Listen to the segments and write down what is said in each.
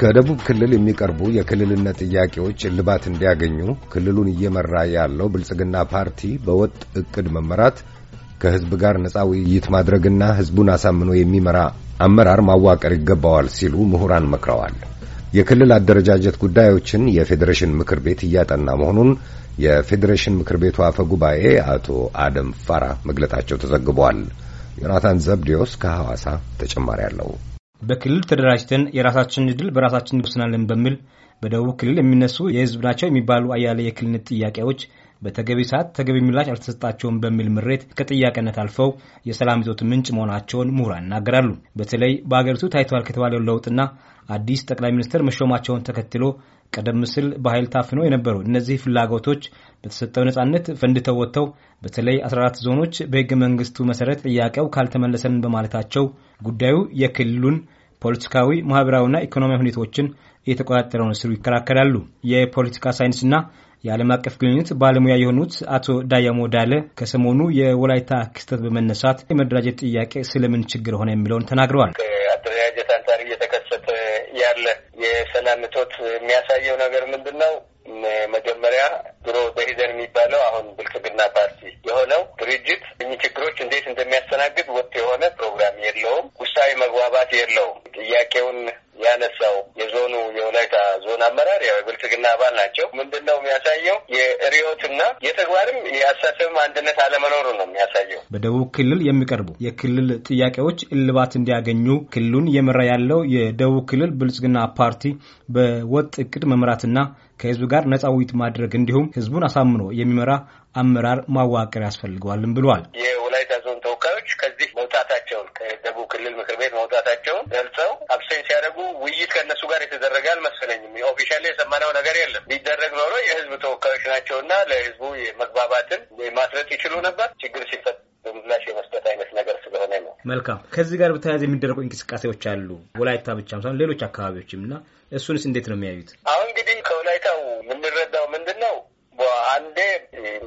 ከደቡብ ክልል የሚቀርቡ የክልልነት ጥያቄዎች እልባት እንዲያገኙ ክልሉን እየመራ ያለው ብልጽግና ፓርቲ በወጥ እቅድ መመራት ከህዝብ ጋር ነፃ ውይይት ማድረግና ህዝቡን አሳምኖ የሚመራ አመራር ማዋቀር ይገባዋል ሲሉ ምሁራን መክረዋል። የክልል አደረጃጀት ጉዳዮችን የፌዴሬሽን ምክር ቤት እያጠና መሆኑን የፌዴሬሽን ምክር ቤቱ አፈ ጉባኤ አቶ አደም ፋራ መግለጻቸው ተዘግቧል። ዮናታን ዘብዴዎስ ከሐዋሳ ተጨማሪ አለው። በክልል ተደራጅተን የራሳችንን ድል በራሳችን እንወስናለን በሚል በደቡብ ክልል የሚነሱ የህዝብ ናቸው የሚባሉ አያሌ የክልልነት ጥያቄዎች በተገቢ ሰዓት ተገቢ ምላሽ አልተሰጣቸውም በሚል ምሬት ከጥያቄነት አልፈው የሰላም ይዞት ምንጭ መሆናቸውን ምሁራን ይናገራሉ። በተለይ በሀገሪቱ ታይተዋል ከተባለው ለውጥና አዲስ ጠቅላይ ሚኒስትር መሾማቸውን ተከትሎ ቀደም ሲል በኃይል ታፍኖ የነበሩ እነዚህ ፍላጎቶች በተሰጠው ነጻነት ፈንድተው ወጥተው በተለይ 14 ዞኖች በህገ መንግስቱ መሰረት ጥያቄው ካልተመለሰን በማለታቸው ጉዳዩ የክልሉን ፖለቲካዊ፣ ማህበራዊና ኢኮኖሚያዊ ሁኔታዎችን የተቆጣጠረውን ሲሉ ይከራከራሉ። የፖለቲካ ሳይንስና የዓለም አቀፍ ግንኙነት ባለሙያ የሆኑት አቶ ዳያሞ ዳለ ከሰሞኑ የወላይታ ክስተት በመነሳት የመደራጀት ጥያቄ ስለምን ችግር ሆነ የሚለውን ተናግረዋል። ከአደረጃጀት አንጻር እየተከሰተ ያለ የሰላም እጦት የሚያሳየው ነገር ምንድን ነው? መጀመሪያ ድሮ በሂደን የሚባለው አሁን ብልጽግና ፓርቲ የሆነው ድርጅት እኚህ ችግሮች እንዴት እንደሚያስተናግድ ወጥ የሆነ ፕሮግራም የለውም። ውሳኔ መግባባት የለውም። ጥያቄውን ያነሳው የዞኑ የወላይታ ዞን አመራር ያው የብልጽግና አባል ናቸው። ነው የሚያሳየው የርዕዮትና የተግባርም የአሳሰብም አንድነት አለመኖሩ ነው የሚያሳየው። በደቡብ ክልል የሚቀርቡ የክልል ጥያቄዎች እልባት እንዲያገኙ ክልሉን እየመራ ያለው የደቡብ ክልል ብልጽግና ፓርቲ በወጥ እቅድ መምራትና ከህዝብ ጋር ነጻ ውይይት ማድረግ እንዲሁም ህዝቡን አሳምኖ የሚመራ አመራር ማዋቀር ያስፈልገዋልም ብሏል። የወላይታ ዞን ተወካዮች ከዚህ መውጣታቸውን ከደቡብ ክልል ምክር ቤት መውጣታቸውን ገልጸው አብሰኝ ሲያደርጉ ጋር የተደረገ አልመሰለኝም። ኦፊሻል የሰማነው ነገር የለም። ቢደረግ ኖሮ የህዝብ ተወካዮች እና ለህዝቡ መግባባትን ማስረት ይችሉ ነበር። ችግር ሲፈጥ ምላሽ የመስጠት አይነት ነገር ስለሆነ ነው። መልካም። ከዚህ ጋር በተያያዘ የሚደረጉ እንቅስቃሴዎች አሉ። ወላይታ ብቻ ሳይሆን ሌሎች አካባቢዎችም እና እሱንስ እንዴት ነው የሚያዩት? አሁን እንግዲህ ከወላይታው የምንረዳው ምንድን ነው አንዴ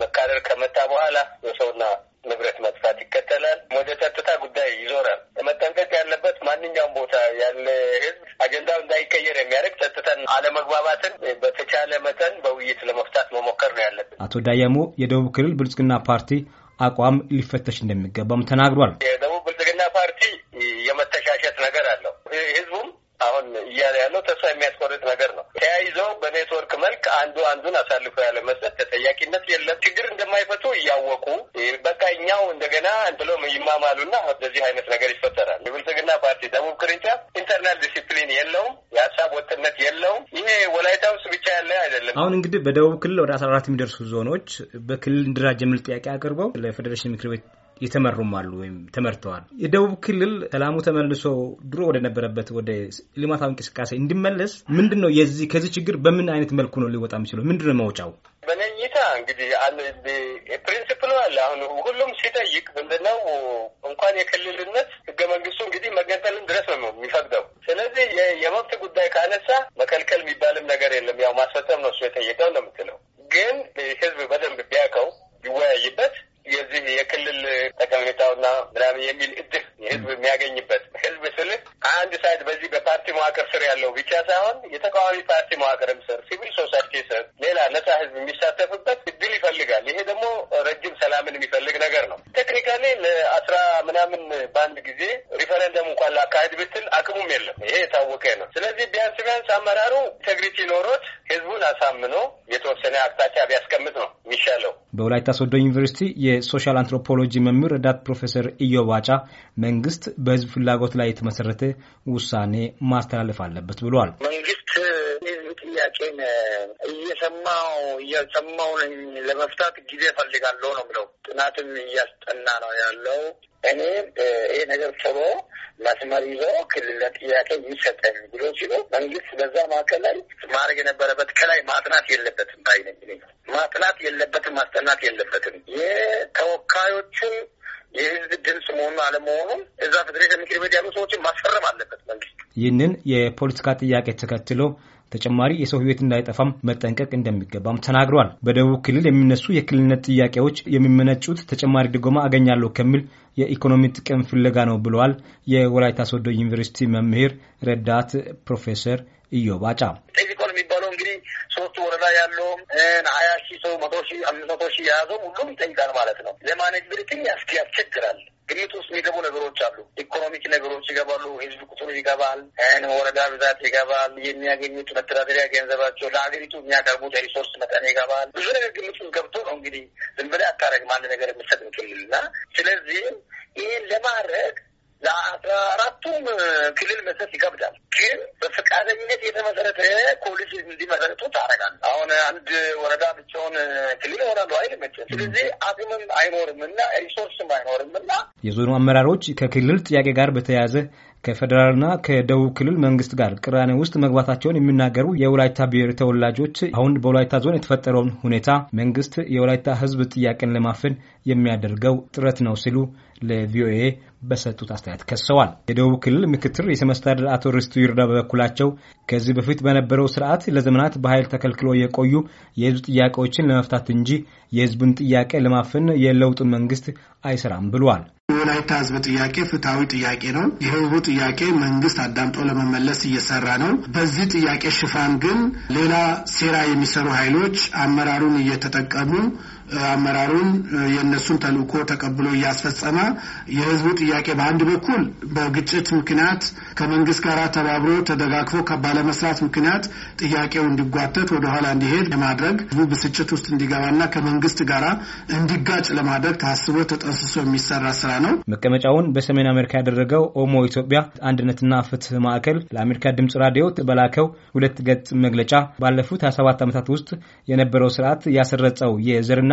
መካደር ከመጣ በኋላ የሰውና ንብረት መጥፋት ይከተላል። ወደ ጸጥታ ጉዳይ ይዞራል። መጠንቀቅ ያለበት ማንኛውም ቦታ ያለ ህዝብ አጀንዳው እንዳይቀየር የሚያደርግ ጸጥታን፣ አለመግባባትን በተቻለ መጠን በውይይት ለመፍታት መሞከር ነው ያለብን። አቶ ዳየሞ የደቡብ ክልል ብልጽግና ፓርቲ አቋም ሊፈተሽ እንደሚገባም ተናግሯል። የደቡብ ብልጽግና ፓርቲ የመተሻሸት ነገር አለው። ህዝቡም አሁን እያለ ያለው ተስፋ የሚያስቆርጥ ነገር ነው። በኔትወርክ መልክ አንዱ አንዱን አሳልፎ ያለ መስጠት ተጠያቂነት የለም። ችግር እንደማይፈቱ እያወቁ በቃ እኛው እንደገና ብለው ይማማሉና እንደዚህ አይነት ነገር ይፈጠራል። የብልጽግና ፓርቲ ደቡብ ቅርንጫፍ ኢንተርናል ዲሲፕሊን የለውም፣ የሀሳብ ወጥነት የለውም። ይሄ ወላይታ ውስጥ ብቻ ያለ አይደለም። አሁን እንግዲህ በደቡብ ክልል ወደ አስራ አራት የሚደርሱ ዞኖች በክልል እንድራጅ የሚል ጥያቄ አቅርበው ለፌዴሬሽን ምክር ቤት የተመሩም አሉ ወይም ተመርተዋል። የደቡብ ክልል ሰላሙ ተመልሶ ድሮ ወደነበረበት ወደ ልማታዊ እንቅስቃሴ እንዲመለስ ምንድን ነው የዚህ ከዚህ ችግር በምን አይነት መልኩ ነው ሊወጣ የሚችለው? ምንድን ነው መውጫው? በነኝታ እይታ እንግዲህ ፕሪንሲፕሉ አለ። አሁን ሁሉም ሲጠይቅ ምንድነው እንኳን የክልልነት ህገ መንግስቱ እንግዲህ መገንጠልን ድረስ ነው የሚፈቅደው። ስለዚህ የመብት ጉዳይ ካነሳ መከልከል የሚባልም ነገር የለም። ያው ማስፈጸም ነው እሱ የጠየቀው ነው የምትለው። ግን ህዝብ በደንብ ቢያውቀው ይወያይበት የክልል ጠቀሜታውና ምናምን የሚል እድል ህዝብ የሚያገኝበት ህዝብ ስል አንድ ሳይድ በዚህ በፓርቲ መዋቅር ስር ያለው ብቻ ሳይሆን የተቃዋሚ ፓርቲ መዋቅርም ስር፣ ሲቪል ሶሳይቲ ስር ሌላ ነጻ ህዝብ የሚሳተፍበት እድል ይፈልጋል። ይሄ ደግሞ ረጅም ሰላምን የሚፈልግ ነገር ነው። ቴክኒካሊ ለአስራ ምናምን በአንድ ጊዜ ሪፈረንደም እንኳን ለአካሄድ ብትል አቅሙም የለም። ይሄ የታወቀ ነው። ስለዚህ ቢያንስ ቢያንስ አመራሩ ኢንቴግሪቲ ኖሮት ህዝቡን አሳምኖ የተወሰነ አቅጣጫ ቢያስቀምጥ ነው የሚሻለው። በወላይታ ሶዶ ዩኒቨርሲቲ የሶሻል አንትሮፖሎጂ መምህር ረዳት ፕሮፌሰር ኢዮብ ባጫ መንግስት በህዝብ ፍላጎት ላይ የተመሰረተ ውሳኔ ማስተላለፍ አለበት ብሏል። መንግስት የህዝብ ጥያቄን እየሰማው እያሰማው ነኝ ለመፍታት ጊዜ ፈልጋለሁ ነው ብለው ጥናትም እያስጠና ነው ያለው። እኔ ይህ ነገር ስሮ መስመር ይዞ ክልል ጥያቄ ይሰጠኝ ብሎ ሲሉ መንግስት በዛ ማዕከል ላይ ማድረግ የነበረበት ከላይ ማጥናት የለበትም ባይነኝ ማጥናት የለበትም ማስጠናት የለበትም የተወካዮቹን የህዝብ ድምፅ መሆኑ አለመሆኑም እዛ ፌዴሬሽን ምክር ቤት ያሉ ሰዎችን ማስፈረም አለበት መንግስት። ይህንን የፖለቲካ ጥያቄ ተከትሎ ተጨማሪ የሰው ህይወት እንዳይጠፋም መጠንቀቅ እንደሚገባም ተናግሯል። በደቡብ ክልል የሚነሱ የክልልነት ጥያቄዎች የሚመነጩት ተጨማሪ ድጎማ አገኛለሁ ከሚል የኢኮኖሚ ጥቅም ፍለጋ ነው ብለዋል። የወላይታ ሶዶ ዩኒቨርሲቲ መምህር ረዳት ፕሮፌሰር ኢዮብ አጫ ሶስት ወረዳ ያለውም ሀያ ሺህ ሰው መቶ ሺህ አምስት መቶ ሺህ የያዘው ሁሉም ይጠይቃል ማለት ነው። ያስ ያስቸግራል። ግምት ውስጥ የሚገቡ ነገሮች አሉ። ኢኮኖሚክ ነገሮች ይገባሉ። ህዝብ ቁጥሩ ይገባል። ወረዳ ብዛት ይገባል። የሚያገኙት መተዳደሪያ ገንዘባቸው ለሀገሪቱ የሚያቀርቡት ሪሶርስ መጠን ይገባል። ብዙ ነገር ግምት ውስጥ ገብቶ ነው እንግዲህ ዝም ብለህ አታረግም አንድ ነገር የምትሰጥ ክልል እና ስለዚህም ይህን ለማድረግ ለአስራ አራቱም ክልል መስጠት ይከብዳል። ግን በፈቃደኝነት የተመሰረተ ኮሌጅ እንዲመሰረቱ ታደርጋለህ። አሁን አንድ ወረዳ ብቻውን ክልል ይሆናሉ አይልምችል። ስለዚህ አቅምም አይኖርም እና ሪሶርስም አይኖርም እና የዞኑ አመራሮች ከክልል ጥያቄ ጋር በተያያዘ ከፌዴራልና ከደቡብ ክልል መንግስት ጋር ቅራኔ ውስጥ መግባታቸውን የሚናገሩ የወላይታ ብሔር ተወላጆች አሁን በወላይታ ዞን የተፈጠረውን ሁኔታ መንግስት የወላይታ ህዝብ ጥያቄን ለማፈን የሚያደርገው ጥረት ነው ሲሉ ለቪኦኤ በሰጡት አስተያየት ከሰዋል። የደቡብ ክልል ምክትል ርዕሰ መስተዳድር አቶ ርስቱ ይርዳ በበኩላቸው ከዚህ በፊት በነበረው ስርዓት ለዘመናት በኃይል ተከልክሎ የቆዩ የህዝብ ጥያቄዎችን ለመፍታት እንጂ የህዝቡን ጥያቄ ለማፈን የለውጡን መንግስት አይሰራም ብሏል። የወላይታ ህዝብ ጥያቄ ፍትሐዊ ጥያቄ ነው። የህዝቡ ጥያቄ መንግስት አዳምጦ ለመመለስ እየሰራ ነው። በዚህ ጥያቄ ሽፋን ግን ሌላ ሴራ የሚሰሩ ኃይሎች አመራሩን እየተጠቀሙ አመራሩን የእነሱን ተልእኮ ተቀብሎ እያስፈጸመ የህዝቡ ጥያቄ በአንድ በኩል በግጭት ምክንያት ከመንግስት ጋር ተባብሮ ተደጋግፎ ባለመስራት ምክንያት ጥያቄው እንዲጓተት ወደኋላ እንዲሄድ ለማድረግ ህዝቡ ብስጭት ውስጥ እንዲገባና ከመንግስት ጋር እንዲጋጭ ለማድረግ ታስቦ ተጠንስሶ የሚሰራ ስራ ነው። መቀመጫውን በሰሜን አሜሪካ ያደረገው ኦሞ ኢትዮጵያ አንድነትና ፍትህ ማዕከል ለአሜሪካ ድምጽ ራዲዮ በላከው ሁለት ገጽ መግለጫ ባለፉት 27 ዓመታት ውስጥ የነበረው ስርዓት ያሰረጸው የዘርና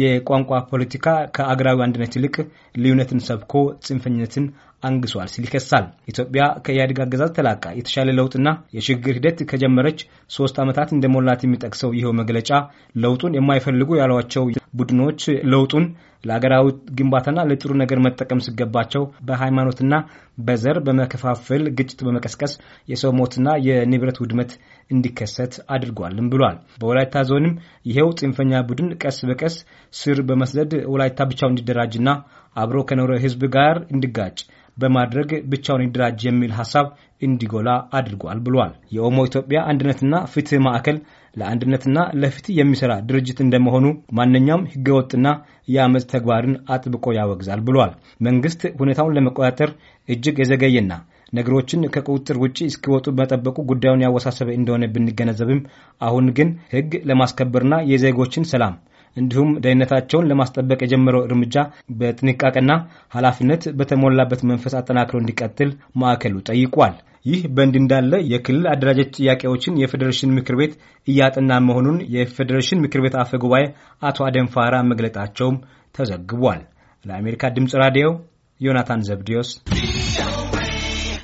የቋንቋ ፖለቲካ ከአገራዊ አንድነት ይልቅ ልዩነትን ሰብኮ ጽንፈኝነትን አንግሷል ሲል ይከሳል። ኢትዮጵያ ከኢህአዴግ አገዛዝ ተላቃ የተሻለ ለውጥና የሽግግር ሂደት ከጀመረች ሶስት ዓመታት እንደሞላት የሚጠቅሰው ይኸው መግለጫ ለውጡን የማይፈልጉ ያሏቸው ቡድኖች ለውጡን ለአገራዊ ግንባታና ለጥሩ ነገር መጠቀም ሲገባቸው በሃይማኖትና በዘር በመከፋፈል ግጭት በመቀስቀስ የሰው ሞትና የንብረት ውድመት እንዲከሰት አድርጓልም ብሏል። በወላይታ ዞንም ይኸው ጽንፈኛ ቡድን ቀስ በቀስ ስር በመስደድ ወላይታ ብቻውን እንዲደራጅና አብሮ ከኖረ ህዝብ ጋር እንዲጋጭ በማድረግ ብቻውን ይደራጅ የሚል ሀሳብ እንዲጎላ አድርጓል ብሏል። የኦሞ ኢትዮጵያ አንድነትና ፍትህ ማዕከል ለአንድነትና ለፍትህ የሚሰራ ድርጅት እንደመሆኑ ማንኛውም ህገወጥና የአመፅ ተግባርን አጥብቆ ያወግዛል ብሏል። መንግስት ሁኔታውን ለመቆጣጠር እጅግ የዘገየና ነገሮችን ከቁጥጥር ውጭ እስኪወጡ መጠበቁ ጉዳዩን ያወሳሰበ እንደሆነ ብንገነዘብም አሁን ግን ህግ ለማስከበርና የዜጎችን ሰላም እንዲሁም ደህንነታቸውን ለማስጠበቅ የጀመረው እርምጃ በጥንቃቄና ኃላፊነት በተሞላበት መንፈስ አጠናክሮ እንዲቀጥል ማዕከሉ ጠይቋል። ይህ በእንዲህ እንዳለ የክልል አደራጀት ጥያቄዎችን የፌዴሬሽን ምክር ቤት እያጠና መሆኑን የፌዴሬሽን ምክር ቤት አፈ ጉባኤ አቶ አደንፋራ መግለጣቸውም ተዘግቧል። ለአሜሪካ ድምፅ ራዲዮ ዮናታን ዘብዲዮስ